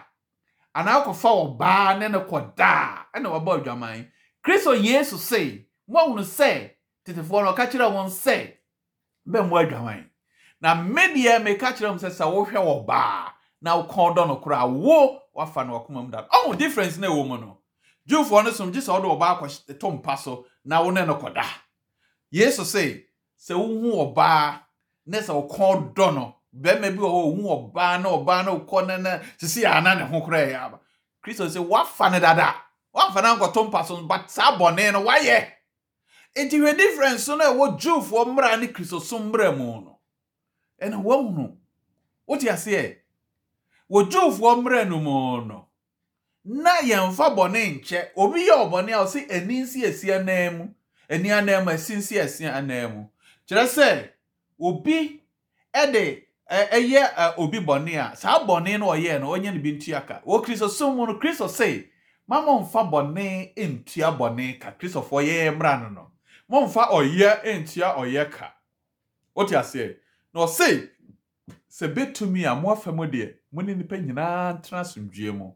anaa wokɔfa ɔbaa ne ne kɔdaa ɛna wɔbɔ adwaman kristo yesu sei moahunu sɛ tetefoɔ no ɔka kyerɛ wɔn sɛ bɛmmɔ adwaman na medeɛ meka kyerɛ m sɛ sɛ wohwɛ ɔbaa na wokɔn dɔ no koraa wo wafa no wakoma mu da ɔmo difference na ɛwɔ mu no jewfoɔ no som gye sɛ ɔde ɔbaa kɔto mpa so na wo ne no kɔda yesu se sɛ wohu ɔbaa ne sɛ wokɔn dɔ no bɛrima bi wɔ hɔ ohu ɔbaa na ɔbaa na wokɔ na na sisi ana ne ho koraa yɛ aba kristo sɛ wafa ne dada wafa no ankɔto mpa so but saa bɔne no wayɛ nti hwɛ difference no ɛwɔ jewfoɔ mmra ne kristosom mmra mu no ɛna woahu no wote aseɛ wɔdwofoɔ mmerɛ no mu no na yɛmfa bɔne nkyɛ obi yɛ ɔbɔne a ɔsi eni nsi esi anan mu ani esi nsi esi anan kyerɛ sɛ obi ɛde ɛyɛ e, e, obi bɔne a saa bɔne no ɔyɛ no ɔnyɛ no bi ntua ka wɔ kristosom mu no kristo sɛ mama mfa bɔne ntua bɔne ka kristofoɔ yɛ mmra no no mɔmfa ɔyɛ ntua ɔyɛ ka wote aseɛ na ɔsɛ sɛ bɛtumi a moafa mu deɛ mo ne nnipa nyinaa ntena asomdwie mu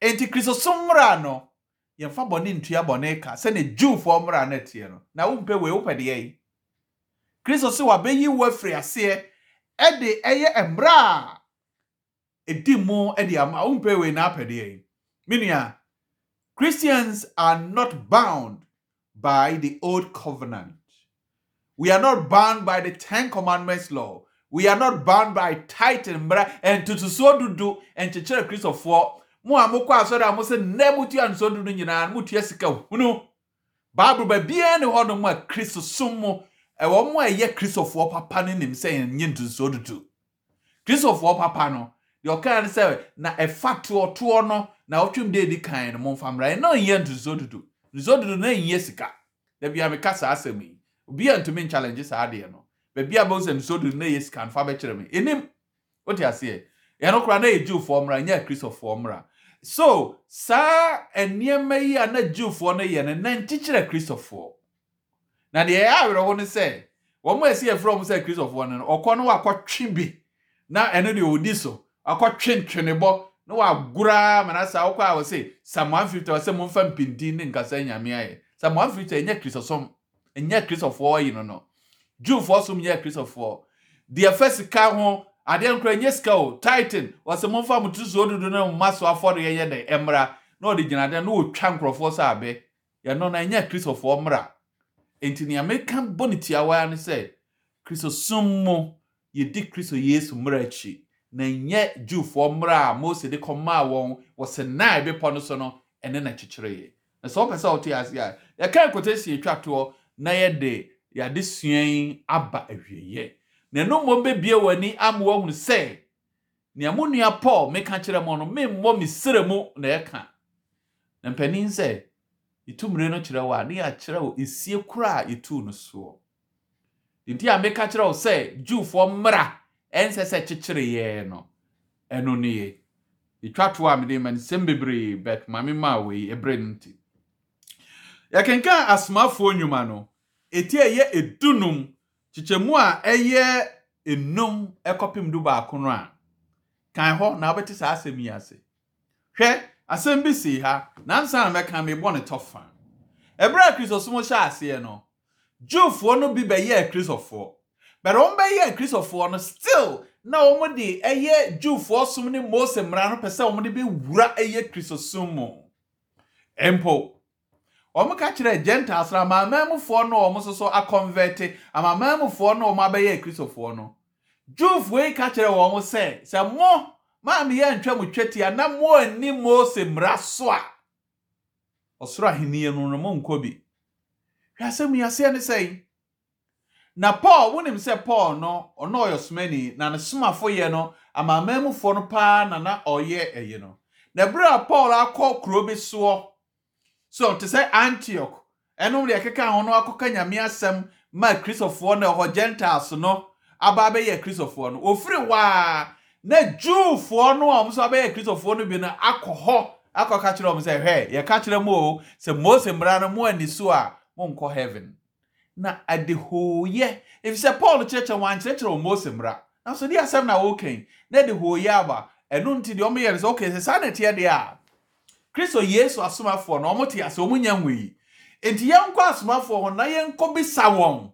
enti kristosom mmara no yɛmfa bɔne ntua bɔne ka sɛne jewfoɔ mmara no teɛ no na wompɛ wei wopɛ deɛ yi kristo sɛ wabɛyi wo afiri aseɛ ɛde ɛyɛ mmara a ɛdi mu ɛde ama wompɛ wei na apɛ deɛ yi me christians are not bound by the old covenant we are not bound by the ten commandments law we are not bound by tight mmara ntutusuo dodo nkyekyere kristofoɔ mo a mokɔ asɔre a mo sɛ nnɛ motua nsuo dodo mu motua sika hunu baabul baabiara ne hɔ nom a kristo som mo ɛwɔ mo a ɛyɛ kristofoɔ papa no nim sɛ yɛnyɛ ntutusuo dodo kristofoɔ papa no deɛ ɔkaa ne sɛ na ɛfa toɔtoɔ no na ɔtwem deɛ edi kan no mo mfa mmara ɛna ɔnyɛ ntutusuo dodo ntutusuo dodo na ɛnyɛ sika dabi a meka saa asɛm yi obi a ntumi nchallenge saa no baabi a bɛn sɛ nsuo duru na yɛ sika nfa bɛkyerɛ me enim wote aseɛ yɛn no kora Jew yɛ jiwfoɔ mmra nyɛ kristofoɔ mmra so saa nneɛma yi a na jiwfoɔ no yɛ no na nkyekyerɛ kristofoɔ na deɛ ɛyɛ awerɛho no sɛ wɔn a yɛsi yɛfrɛ wɔn sɛ kristofoɔ no no ɔkɔ no wakɔtwe bi na ɛno deɛ odi so akɔtwe ntwenebɔ na wagora manasa awokɔ a wɔse samoan fifita wɔsɛ momfa mpintin ne nkasa nyame ayɛ samoan fifita ɛnyɛ kristosom ɛnyɛ kristofoɔ yi no no Jewfoɔ som nyɛ Kristofoɔ. Deɛ fɛ sika ho adeɛ nkora nye sika o titan wɔsɛ momfa mo ti so dodo na mo ma so afɔre yɛ dɛ ɛmra na ɔde gyina dɛ na ɔtwa nkurɔfoɔ sɛ abɛ yɛno na ɛnyɛ kristofoɔ mmra nti nea meka bɔ ne tiawa ne sɛ kristosom mu yɛdi kristo yesu mmra akyi na nyɛ jufoɔ mmra a mose de kɔmaa wɔn wɔsɛ naa bepɔ no so no ɛne na kyekyereyɛ na sɛ wɔpɛ sɛ wɔte ase a yɛka nkotɛsi atwa toɔ na yɛde yɛadesua yi aba awieeɛ na ɛno mmom bɛbie w'ani ama woahunu sɛ nea mo nua paul meka kyerɛ mo no memmɔ me serɛ mu na ɛka na mpanin sɛ yɛtu mmire no kyerɛ wo a ne yɛakyerɛ wo esie kora a yɛtuu no soɔ nti a meka kyerɛ wo sɛ juwfoɔ mmara ɛnsɛ sɛ kyekyereyɛɛ no ɛno ne yɛ yɛtwa toɔ a mede ma nsɛm bebree but ma me maa wei ɛberɛ no nti yɛkenka asomafoɔ nnwuma no eti a ɛyɛ edunum kyekyɛmu a ɛyɛ enum ɛkɔpem du baako a kan hɔ na wobɛte saa asɛm yi ase hwɛ asɛm ha na mɛka mebɔ ne tɔfa ɛberɛ a hyɛ aseɛ no juufoɔ no bi bɛyɛɛ kristofoɔ bɛrɛ wɔn bɛyɛɛ kristofoɔ no still na wɔn de ɛyɛ juufoɔ ɔmo ka kyerɛ gentiles na amanamanmufoɔ no ɔmo soso akɔnvɛte amanamanmufoɔ no ɔmo abɛyɛ kristofoɔ no juufoɔ yi ka kyerɛ wɔn sɛ sɛ mo maame yɛ ntwa mo twetia na mo ani mose mmara so a ɔsoro ahenni no no mo nkɔ bi hwɛ asɛm yi aseɛ ne sɛ na paul wonim sɛ paul no ɔno ɔyɛ somani na ne somafo yɛ no amanamanmufoɔ no paa na na ɔyɛ ɛyi no na ebere a paul akɔ kuro bi soɔ. so te sɛ antioch ɛnom deɛ ɛkeka ho no akɔka nyame asɛm ma kristofoɔ no ɛhɔ gentiles no aba abɛyɛ kristofoɔ no ofiri waa na juufoɔ no a wɔn nso abɛyɛ kristofoɔ no bi no akɔ hɔ akɔka kyerɛ wɔn sɛ hwɛ yɛka kyerɛ mu o sɛ mose mmara no mo ani so a monkɔ heaven na adehooyɛ efisɛ paul kyerɛkyerɛ wɔn ankyerɛkyerɛ wɔn mose mmara nanso deɛ asɛm na wɔrekɛn na adehooyɛ aba ɛnu nti deɛ wɔn yɛ no sɛ okay sɛ saa na ɛteɛ deɛ a kristo yesu asomafoɔ na ɔmote ase ɔmo nya nwei nti yɛnkɔ asomafoɔ hɔ na yɛnkɔ bisa wɔn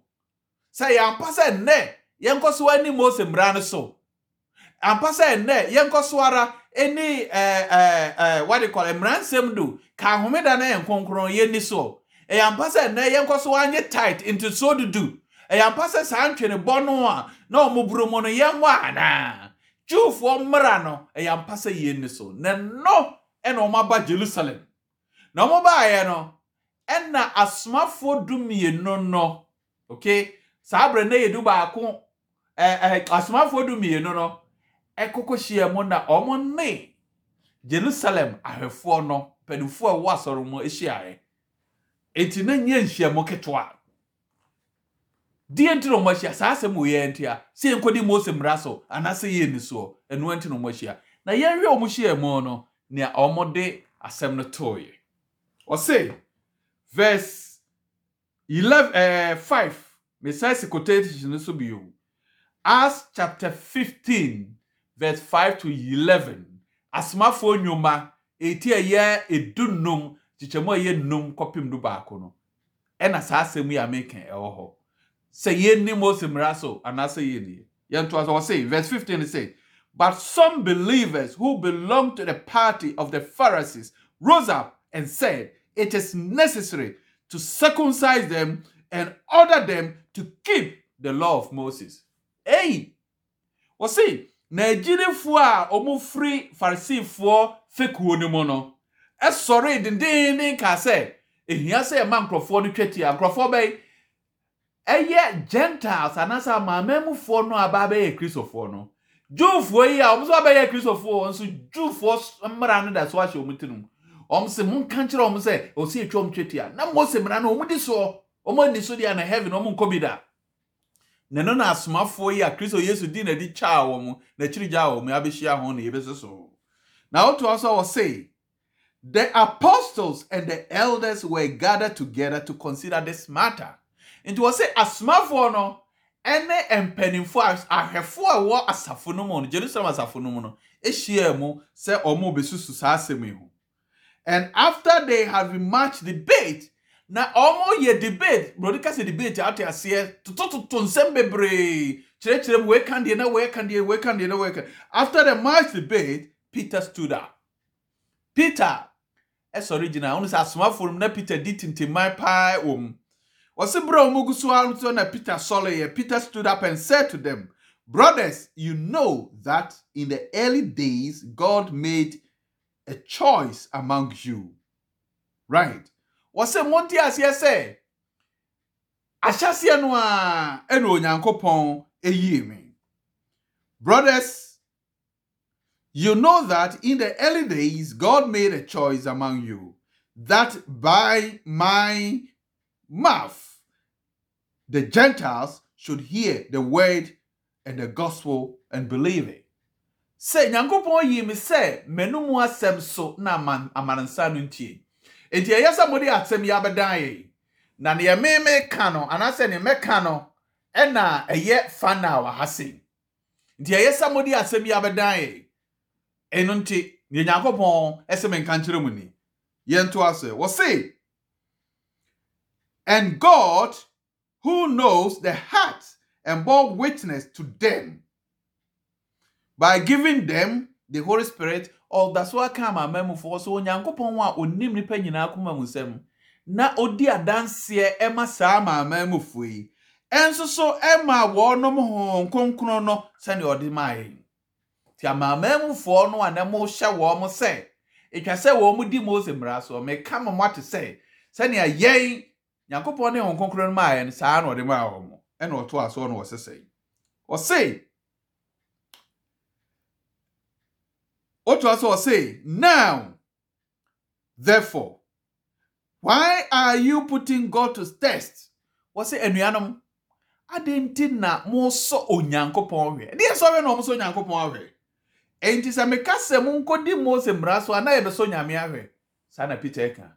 sɛ yɛampa sɛ nnɛ yɛnkɔ so ani mose mmara no so ampa sɛ nnɛ yɛnkɔ so ara ɛni ɛɛ ɛɛ wɔde kɔ mmeransɛm do ka ahomeda na yɛn nkonkron yɛni so ɛyɛ ampa sɛ nnɛ yɛnkɔ so anyɛ tight nti so dudu ɛyɛ ampa sɛ saa ntwene bɔ no a na wɔn buru mu no yɛn wɔ anaa juufoɔ mmara no ɛyɛ sɛ yɛni so na no. ɛna wɔaba jerusalem na wɔbaeɛ no ɛna asomafoɔ dumienu nọ ok saa abere na yɛ du baako ɛɛ ɛɛ asomafoɔ dumienu nọ ɛkoko hyia mu na wɔn ne jerusalem ahwɛfoɔ nọ mpanimfoɔ a asọrọ asɔre echi ahyiaeɛ eti na nyɛ nhyiamu ketewa die ntị na wɔn ahyia saa asɛm wɔ yɛn nti a sɛ nkwa di mose mmara so anaasɛ yɛn ni soɔ ɛnua ntị na wɔn ahyia na ya nri ọmụ hyia mu nọ. nea wɔde asɛm no tooyɛ ɔse verse eleven ɛɛ eh, five mesan si quotation no so bi o chapter fifteen verse five to eleven asomafoɔ nnwoma eti ɛyɛ edu nnum kyekyɛmu a ɛyɛ nnum kɔpem do baako no ɛna saa asɛm yi a meka ɛwɔ hɔ sɛ yɛn ni mose mmara so anaasɛ yɛn ni yɛn to aso ɔse verse fifteen sɛ. But some believers who belonged to the party of the Pharisees rose up and said, It is necessary to circumcise them and order them to keep the law of Moses. Hey! Wɔsi, free. Pharisee for fake fekuo no Sorry, no, ɛsɔre dendeenden kaa sɛ, ehia sɛ ɛma nkurɔfoɔ no twetia, nkurɔfoɔ bɛyi, ɛyɛ gentiles anaasɛ amaamamufoɔ no a ba bɛyɛ kristofoɔ no. jewfoɔ yi a wɔn nso abɛyɛ kristofoɔ wɔn nso jewfoɔ mmara no da so ahyɛ wɔn ti no mu wɔn sɛ mo nka kyerɛ wɔn sɛ ɔsi etwa wɔn twetia na mo sɛ mmara no wɔn di soɔ wɔn ani so deɛ na heaven wɔn nkɔ bi da na no na asomafoɔ yi a kristo yesu di na di kyaa wɔn n'akyiri gyaa wɔn abɛhyia ho na yɛbɛsɛ so na to aso wɔ se the apostles and the elders were gathered together to consider this matter nti wɔ sɛ asomafoɔ no. ɛne mpanimfoɔ ahwɛfoɔ a ɛwɔ asafo no mu no jerusalem asafo no mu no ahyia mu sɛ wɔn rebɛsusu saa asɛm yi ho and after they have matched debate na wɔn yɛ debate brodi kasa debate ato aseɛ totototo nsɛm bebree kyerɛkyerɛ mu wɔɛka deɛ na wɔɛka deɛ wɔɛka deɛ na wɔɛka after the match debate peter stood up peter ɛsɔre gyina wɔn sɛ asomafoɔ no na peter di tintinman paa wɔ mu. Mugusu, and Peter Soleye, Peter stood up and said to them, Brothers, you know that in the early days God made a choice among you. Right. Wase a asye se. Ahyase no a eno Onyankopon eyi Brothers, you know that in the early days God made a choice among you that by my mouth the Gentiles should hear the word and the gospel and believe it. sɛ nyankopɔn yii me sɛ m'ano mu asɛm so na amansa no ntie enti ɛyɛ sɛ mode asɛm yi abɛdan yɛ na neɛ meme ka no anaasɛ ne mɛka no ɛna ɛyɛ fa na wɔ ha se nti ɛyɛ sɛ mode asɛm yi abɛdan yɛ ɛno nti neɛ nyankopɔn ɛsɛ me mu ni yɛnto asɛ wɔ se and god who knows the hearts and bore witness to them by giving them the Holy Spirit ɔdaso aka ama amammufoɔ so onyankopɔn a onim nipa nyinaa akoma mu nsɛm na odi adanseɛ ɛma saa ama amammufoɔ yi ɛnso so ɛma wɔnom hɔn kronkron no sɛnea ɔde maa yɛn ti amammufoɔ no a na mo hyɛ wɔn sɛ etwa sɛ wɔn di Mose mmara so meka mo mo ate sɛ sɛnea yɛn nyankopɔn ne wɔn kɔnkɔn no mu ayɛ no saa na ɔde mu ayɛ wɔn ɛna ɔto asoɔ na ɔsesɛe ɔse otu aso ɔse now therefore why are you putting god to test wɔse anuanom adan ti na mosɔ onyankopɔn hwɛ ne yɛsɔre na ɔmosɔ onyankopɔn ahwɛ ɛnti sɛ meka sɛ monkɔdi mose mmara so a na yɛbɛsɔ nyame ahwɛ saa na peter ɛka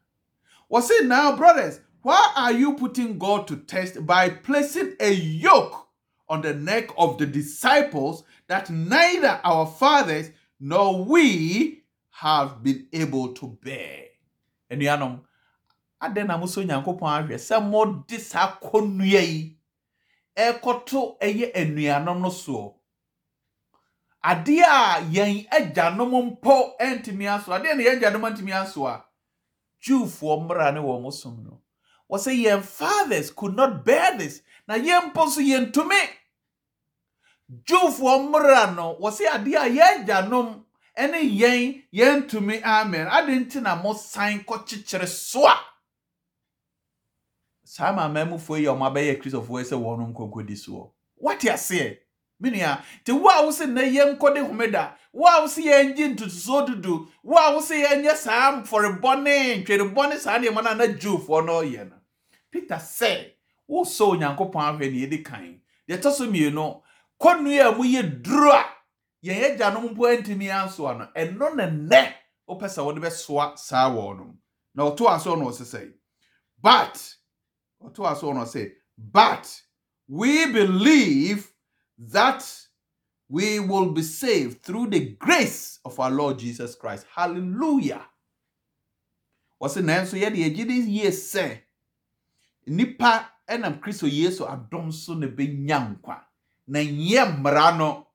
wɔse now brothers Why are you putting God to test by placing a yoke on the neck of the disciples that neither our fathers nor we have been able to bear? Anuanom, adɛn na moso nyankopɔn ahwɛ Some more saa kɔnnua yi ɛrekɔto ɛyɛ anuanom no soɔ. Adeɛ a yɛn agyanom mpo ntumi aso, adeɛ na yɛn agyanom ntumi aso a, Jewfoɔ mmara ne wɔn som no. wɔsɛ yɛn fathers could not bear this na yɛn mpo so yɛntumi jewfoɔ mmra no wɔsɛ adeɛ a yɛn agyanom ne yɛn yɛntumi amen ade nti na mo san kɔkyekyere so a saa maama mufoɔ yi a wɔn abɛyɛ kristofoɔ sɛ wɔn nkɔnkɔdi soɔ wate aseɛ menua nti wo a wo se nnɛ yɛn nkɔde homeda wo a wo se yɛn gye ntotosoɔ dudu wo a wo se yɛn nyɛ saa mfɔrebɔ ne ntwerɛbɔ ne saa nneɛma no a na jewfoɔ no yɛ no peter sɛ wosɔ onyankopɔn ahwɛ ne yɛdi kan deɛ ɛtɔ so mmienu kɔnnua a mu yɛ duro a yɛn agyanom mpo antumi ansoa no ɛno ne nnɛ wopɛ sɛ wode bɛsoa saa wɔ no na ɔto aso no ɔsɛ sɛ but ɔto aso no ɔsɛ but we believe that we will be saved through the grace of our lord jesus christ hallelujah wɔse nanso yɛde agye de yie sɛ nipa ɛnam kristo yesu adom so na ɛbɛnya nkwa na nyɛ mmara no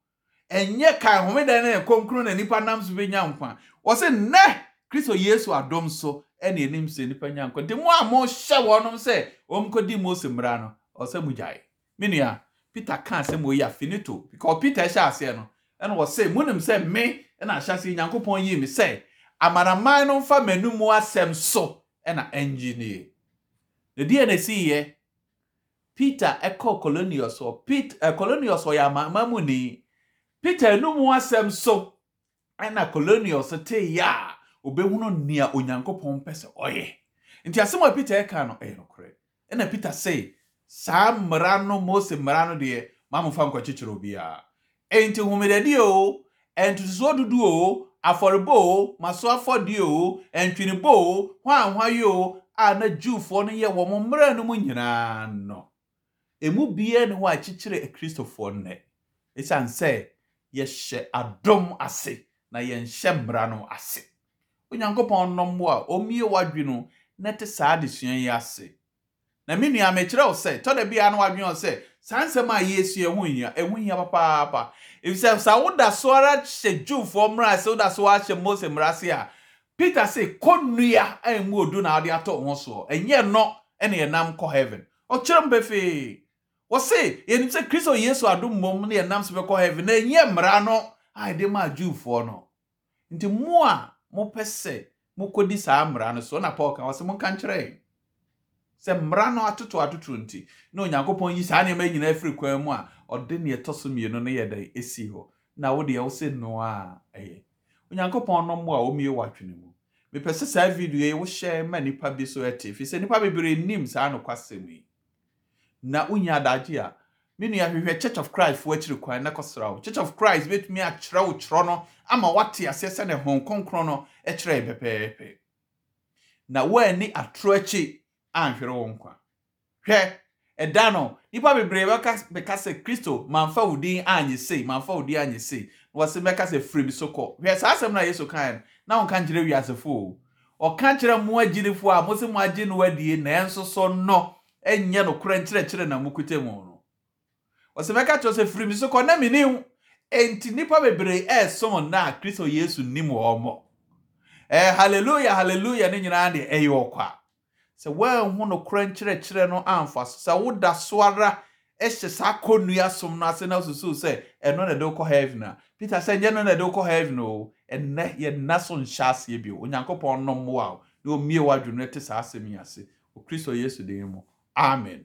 ɛnyɛ kan homeda ne kɔnkuru na nipa nam so bɛnya nkwa wɔsɛ nnɛ kristo yesu adom so ɛna anim sɛ nipa nya nkwa nti mo a mohyɛ wɔnom sɛ wɔmkɔdi mose mmara no ɔsɛ mo gyae me nua peter kaa sɛ ma ɔyi afinito because peter hyɛ aseɛ no ɛna ɔsɛ monim sɛ me ɛna ahyɛ aseɛ nyankopɔn yii me sɛ amanaman no mfa m'anum asɛm so ɛna ɛngye deɛ na ɛsii yɛ peter ɛkɔ colonius hɔ peter ɛ colonius hɔ yɛ amamamuni peter enum asɛm so ɛna colonius te ya a obehunu nea onyankopɔn pɛ sɛ ɔyɛ nti asɛm a peter ɛka no ɛyɛ nokorɛ ɛna peter sɛ saa mmara no mose mmara no deɛ mamofa nkɔkyekyere obiara ɛnti homedadi o ɛntotosoɔ dudu o afɔrebɔ o maso o ɛntwinibɔ o hwan hwan yi o a na Jewfoɔ no yɛ wɔn mmerɛ no mu nyinaa no emu bie ne hɔ a kyekyere akristofoɔ nnɛ esiane sɛ yɛhyɛ adom ase na yɛnhyɛ mmara no ase onyankopɔn nnɔm wo a ɔmmie w'adwe no na te saa adesua yi ase na me nua mekyerɛ wo sɛ tɔ da biara na wadwene wo sɛ saa nsɛm a yɛsua ho hia ɛho hia papaapa ɛfisɛ saa woda so ara hyɛ dwumfoɔ mmara sɛ woda so ahyɛ mose mmara se a peter sɛ kɔ ya a ɛmu odu na ade atɔ ho soɔ ɛnyɛ heaven ɔkyerɛ m bɛfee wɔse yɛnim kristo yesu adom mmom na yɛnam heaven na ɛnyɛ anọ no a ɛde maa jewfoɔ no nti a saa saa nneɛma nyinaa firi kwan mu a ɔde ɛtɔ so mmienu no yɛ dɛ hɔ na onyankopɔn no mmoa a wɔmmue w'adwene mu mepɛ sɛ saa video yi wohyɛ ma nipa bi so ɛte fi sɛ nipa bebree nim saa nokwasɛm yi na wonya adagye a me nua hwehwɛ church of christ fo akyiri kwan na kɔsra wo church of christ bɛtumi akyerɛ wo kyerɛ no ama wate aseɛ sɛ ne hon kronkron no ɛkyerɛ pɛpɛɛpɛ na woani atoro akyi anhwere wo nkwa hwɛ ɛda no nipa bebree bɛka sɛ kristo mamfa wo din anyɛ sei mamfa wo din anyɛ wɔsi mɛka sɛ firi bi so kɔ hwɛ saa asɛm na yesu kan no na wɔn ka nkyerɛ wiasefo o ɔka kyerɛ mo agyinifo a mo si mo agye no adie nanso so no ɛnyɛ no korɛ nkyerɛkyerɛ na mo kuta mu no wɔsi mɛka kyerɛ sɛ firi bi so kɔ na mi nim nti nipa bebree ɛɛsom na kristo yesu nim wɔn mo ɛɛ hallelujah hallelujah ne nyinaa deɛ ɛyɛ ɔkwa sɛ wɔn ahu no korɛ nkyerɛkyerɛ no amfa so sɛ woda so ara ɛhyɛ saa kɔnnua som no ase na susu sɛ ɛno na ɛde kɔ heaven a peter sɛ nyɛ no na ɛde kɔ heaven o ɛnɛ yɛnna so nhyɛ aseɛ bio onyankopɔn nom wo na omie w'adwene te saa asɛm yi ase okristo yesu dan mu amen